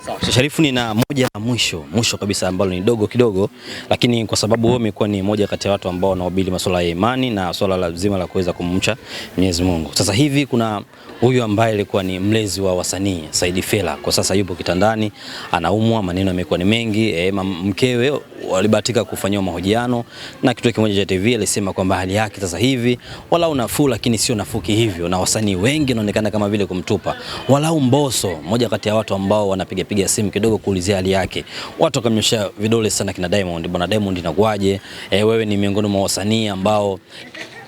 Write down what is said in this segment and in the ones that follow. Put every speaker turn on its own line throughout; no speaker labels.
Sawa, Sharifu, na moja la mwisho mwisho kabisa ambalo ni dogo kidogo, lakini kwa sababu wewe umekuwa ni moja kati ya watu ambao wanahubiri masuala ya imani na swala la zima la kuweza kumcha Mwenyezi Mungu. Sasa hivi kuna huyu ambaye alikuwa ni mlezi wa wasanii Saidi Fela, kwa sasa yupo kitandani, anaumwa, maneno yamekuwa ni mengi e, mkewe walibahatika kufanyiwa mahojiano na kituo kimoja cha TV, alisema kwamba hali yake sasa hivi walau nafuu, lakini sio nafuki hivyo, na wasanii wengi wanaonekana kama vile kumtupa. Walau Mbosso, mmoja kati ya watu ambao wanapiga piga simu kidogo kuulizia hali yake, watu wakamnyoshea vidole sana kina Diamond, bwana Diamond inakuaje? E, eh, wewe ni miongoni mwa wasanii ambao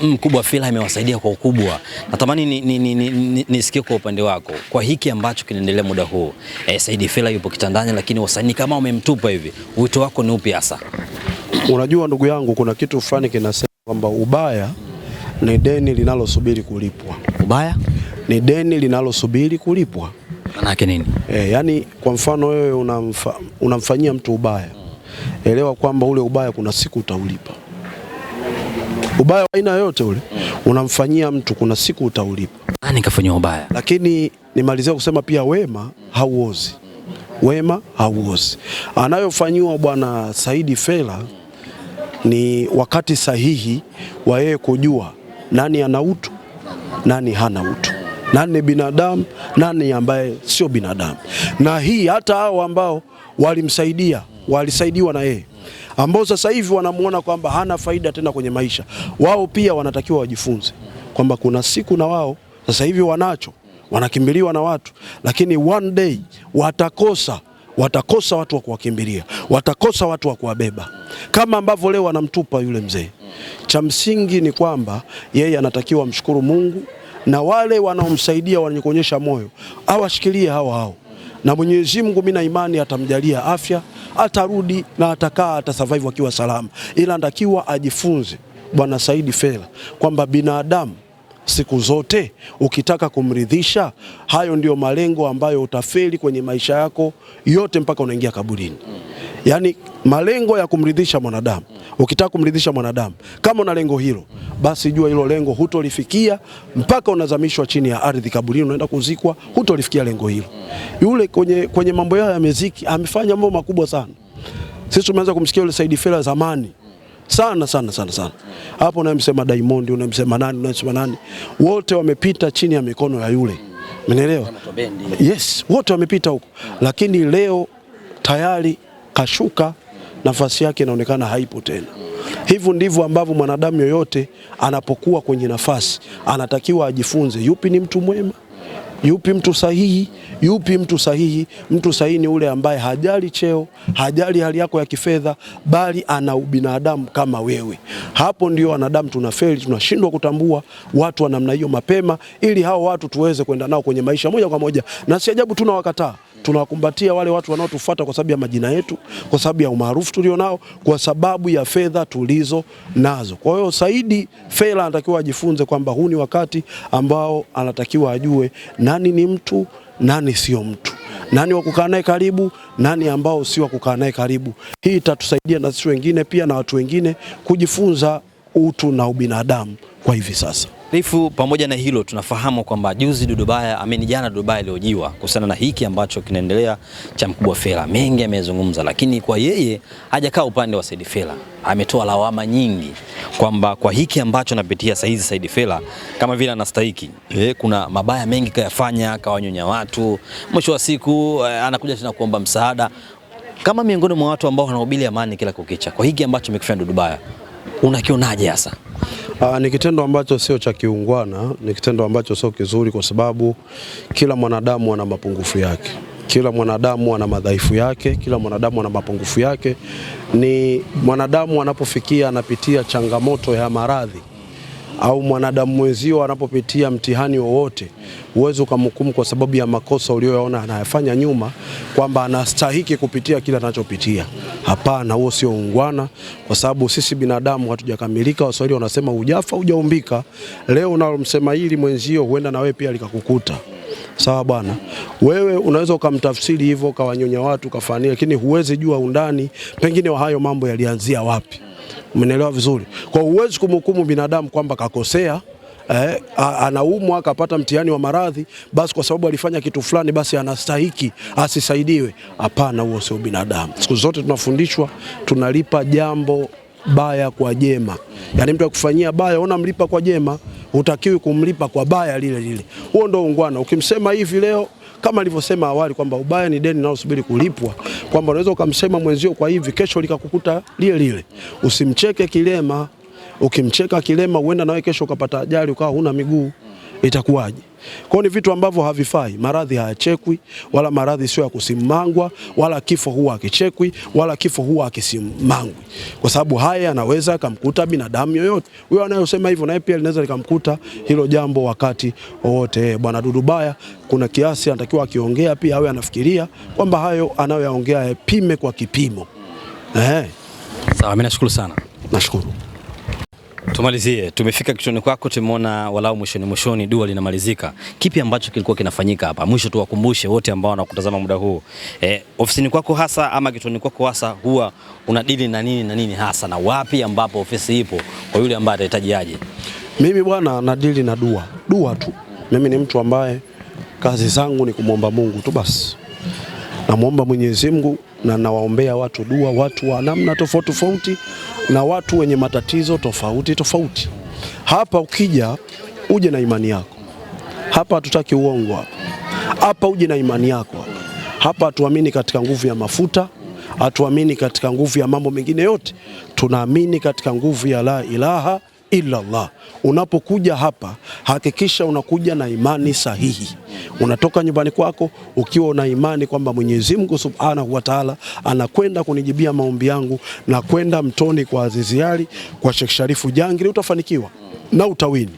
Mm, mkubwa Fila imewasaidia kwa ukubwa. Natamani nisikie ni, ni, ni, ni kwa upande wako kwa hiki ambacho kinaendelea muda huu e, eh, Saidi Fila yupo kitandani, lakini wasanii kama wamemtupa hivi, wito wako ni upi hasa?
Unajua ndugu yangu, kuna kitu fulani kinasema kwamba ubaya ni deni linalosubiri kulipwa. Ubaya ni deni linalosubiri kulipwa. Maana yake nini? E, yani kwa mfano wewe unamfa, unamfanyia mtu ubaya, elewa kwamba ule ubaya kuna siku utaulipa ubaya wa aina yoyote ule unamfanyia mtu, kuna siku utaulipa.
Nani kafanya ubaya?
Lakini nimalizia kusema pia wema hauozi, wema hauozi. Anayofanyiwa bwana Saidi Fela ni wakati sahihi wa yeye kujua nani ana utu, nani hana utu, nani ni binadamu, nani ambaye sio binadamu. Na hii hata hao ambao walimsaidia walisaidiwa na yeye ambao sasa hivi wanamuona kwamba hana faida tena kwenye maisha. Wao pia wanatakiwa wajifunze kwamba kuna siku na wao sasa hivi wanacho, wanakimbiliwa na watu, lakini one day watakosa watakosa watu wa kuwakimbilia, watakosa watu wa kuwabeba kama ambavyo leo wanamtupa yule mzee. Cha msingi ni kwamba yeye anatakiwa mshukuru Mungu na wale wanaomsaidia wenye kuonyesha moyo awashikilie hao hao, na Mwenyezi Mungu mimi na imani atamjalia afya atarudi na atakaa atasurvive akiwa salama, ila anatakiwa ajifunze Bwana Saidi Fela kwamba binadamu siku zote ukitaka kumridhisha, hayo ndiyo malengo ambayo utafeli kwenye maisha yako yote mpaka unaingia kaburini yani malengo ya kumridhisha mwanadamu. Ukitaka kumridhisha mwanadamu, kama una lengo hilo, basi jua hilo lengo hutolifikia mpaka unazamishwa chini ya ardhi, kaburini, unaenda kuzikwa, hutolifikia lengo hilo. Yule kwenye, kwenye mambo yao ya muziki amefanya mambo makubwa sana. Sisi tumeanza kumsikia yule Said Fela zamani sana sana sana sana. Hapo unamsema Diamond, unamsema nani, unamsema nani, wote wamepita chini ya mikono ya yule, umeelewa? Yes, wote wamepita huko, lakini leo tayari kashuka, nafasi yake inaonekana haipo tena. Hivyo ndivyo ambavyo mwanadamu yoyote anapokuwa kwenye nafasi anatakiwa ajifunze, yupi ni mtu mwema, yupi mtu sahihi, yupi mtu sahihi. Mtu sahihi ni ule ambaye hajali cheo, hajali hali yako ya kifedha, bali ana ubinadamu kama wewe. Hapo ndio wanadamu tunafeli, tunashindwa kutambua watu wa namna hiyo mapema, ili hao watu tuweze kwenda nao kwenye maisha moja kwa moja, na si ajabu tunawakataa tunawakumbatia wale watu wanaotufuata kwa sababu ya majina yetu, kwa sababu ya umaarufu tulionao, kwa sababu ya fedha tulizo nazo. Kwa hiyo Saidi Fela anatakiwa ajifunze kwamba huu ni wakati ambao anatakiwa ajue nani ni mtu, nani sio mtu, nani wa kukaa naye karibu, nani ambao si wa kukaa naye karibu. Hii itatusaidia na sisi wengine pia na watu wengine kujifunza utu na ubinadamu kwa hivi sasa.
Rifu, pamoja na hilo tunafahamu kwamba juzi Dudubaya ameni jana Dudubaya aliojiwa kuhusiana na hiki ambacho kinaendelea cha mkubwa Fela. mengi amezungumza, lakini kwa yeye hajakaa upande wa Said Fela, Ametoa lawama nyingi kwamba kwa hiki ambacho napitia sasa hizi Said Fela kama vile anastahiki eh, kuna mabaya mengi kayafanya, kawanyonya watu, mwisho wa siku eh, anakuja tena kuomba msaada kama miongoni mwa watu ambao wanahubiri amani kila kukicha. Kwa hiki ambacho amekufanya Dudubaya unakionaje hasa?
Aa, ah, ni kitendo ambacho sio cha kiungwana, ni kitendo ambacho sio kizuri kwa sababu kila mwanadamu ana mapungufu yake. Kila mwanadamu ana madhaifu yake, kila mwanadamu ana mapungufu yake. Ni mwanadamu anapofikia anapitia changamoto ya maradhi au mwanadamu mwenzio anapopitia mtihani wowote, huwezi ukamhukumu kwa sababu ya makosa uliyoyaona anayafanya nyuma kwamba anastahiki kupitia kile anachopitia. Hapana, huo sio ungwana, kwa sababu sisi binadamu hatujakamilika. Waswahili wanasema hujafa hujaumbika. Leo unalomsema hili mwenzio, huenda na wewe pia likakukuta. Sawa bwana, wewe unaweza ukamtafsiri hivyo kawanyonya watu kafania, lakini huwezi jua undani pengine wa hayo mambo yalianzia wapi. Umenielewa vizuri? Kwa huwezi kumhukumu binadamu kwamba kakosea eh, anaumwa akapata mtihani wa maradhi, basi kwa sababu alifanya kitu fulani, basi anastahiki asisaidiwe. Hapana, huo sio binadamu. Siku zote tunafundishwa tunalipa jambo baya kwa jema, yaani mtu akufanyia baya mlipa kwa jema, hutakiwi kumlipa kwa baya lile lile. Huo ndo ungwana. Ukimsema hivi leo kama alivyosema awali kwamba ubaya ni deni linalosubiri kulipwa, kwamba unaweza ukamsema mwenzio kwa hivi, kesho likakukuta lile lile. Usimcheke kilema ukimcheka kilema, uenda nawe kesho ukapata ajali ukawa huna miguu, itakuwaje? Kwa ni vitu ambavyo havifai. Maradhi hayachekwi, wala maradhi sio ya kusimangwa, wala kifo huwa akichekwi wala kifo huwa akisimangwi, kwa sababu haya yanaweza akamkuta binadamu yoyote. Huyo anayosema hivyo naye pia linaweza likamkuta hilo jambo wakati wowote. Eh, Bwana Dudubaya kuna kiasi anatakiwa akiongea pia awe anafikiria kwamba hayo anayoyaongea yapime kwa kipimo. Eh.
Sawa, mimi nashukuru sana, nashukuru. Tumalizie, tumefika kichoni kwako, tumeona walau mwishoni mwishoni dua linamalizika. Kipi ambacho kilikuwa kinafanyika hapa? Mwisho tuwakumbushe wote ambao wanakutazama muda huu e, ofisini kwako hasa ama kichoni kwako hasa huwa unadili na nini na nini hasa, na wapi ambapo ofisi ipo kwa yule ambaye atahitaji aje?
Mimi bwana, nadili na dua, dua tu. Mimi ni mtu ambaye kazi zangu ni kumwomba Mungu tu basi. Namwomba Mwenyezi Mungu na nawaombea watu dua, watu wa namna tofauti tofauti na watu wenye matatizo tofauti tofauti. Hapa ukija uje na imani yako, hapa hatutaki uongo hapa. Hapa uje na imani yako. Hapa hatuamini katika nguvu ya mafuta, hatuamini katika nguvu ya mambo mengine yote, tunaamini katika nguvu ya la ilaha Allah. Unapokuja hapa hakikisha unakuja na imani sahihi. Unatoka nyumbani kwako ukiwa una imani kwamba Mwenyezi Mungu Subhanahu wa Ta'ala anakwenda kunijibia maombi yangu na kwenda mtoni kwa Azizi kwa Sheikh Sharifu Jangiri, utafanikiwa na utawini.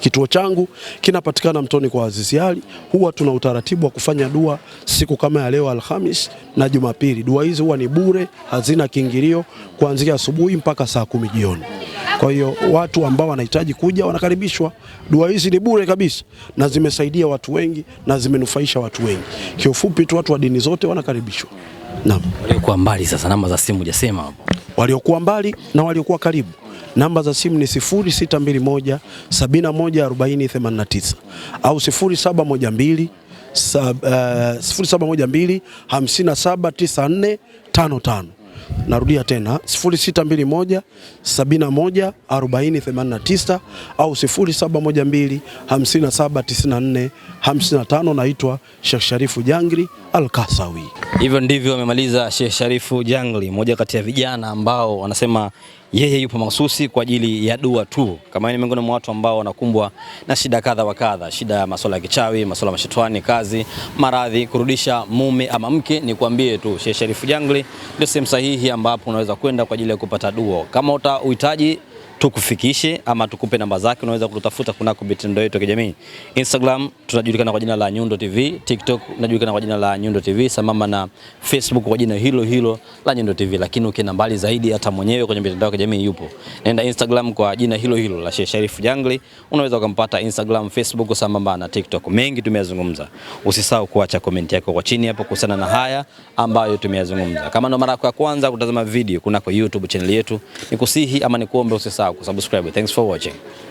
Kituo changu kinapatikana mtoni kwa Azizi Huwa tuna utaratibu wa kufanya dua siku kama ya leo Alhamis na Jumapili. Dua hizi huwa ni bure, hazina kiingilio, kuanzia asubuhi mpaka saa kumi jioni. Kwa hiyo watu ambao wanahitaji kuja wanakaribishwa. Dua hizi ni bure kabisa na zimesaidia watu wengi na zimenufaisha watu wengi. Kiufupi tu watu wa dini zote wanakaribishwa.
Naam. Waliokuwa mbali sasa, namba za simu hujasema hapo.
Waliokuwa mbali na waliokuwa karibu. Namba za simu ni 0621 714089 au 0712 0712 579455. Narudia tena 0621 71 au 0712 Naitwa Sheikh Sharifu Jangri Al-Kasawi.
Hivyo ndivyo amemaliza Sheikh Sharifu Jangri, mmoja kati ya vijana ambao wanasema yeye yupo mahususi kwa ajili ya dua tu, kama ni miongoni mwa watu ambao wanakumbwa na shida kadha wa kadha, shida ya masuala ya kichawi, masuala mashetani, kazi, maradhi, kurudisha mume ama mke, ni kuambie tu Sheikh Sharifu Jangli ndio sehemu sahihi ambapo unaweza kwenda kwa ajili ya kupata dua kama utahitaji tukufikishe ama tukupe namba zake, unaweza kututafuta kunako mitandao yetu ya kijamii. Instagram tunajulikana kwa jina la Nyundo TV, TikTok tunajulikana kwa jina la Nyundo TV, sambamba na Facebook kwa jina hilo hilo la Nyundo TV. Lakini ukienda mbali zaidi, hata mwenyewe kwenye mitandao ya kijamii yupo, nenda Instagram kwa jina hilo hilo la Sheikh Sharif Jangli, unaweza ukampata Instagram, Facebook sambamba na TikTok. Mengi tumeyazungumza, usisahau kuacha komenti yako kwa chini hapo kuhusiana na haya ambayo tumeyazungumza. Kama ndo mara yako ya kwanza kutazama video kunako YouTube channel yetu, nikusihi ama nikuombe usisahau kusubscribe. Thanks for watching.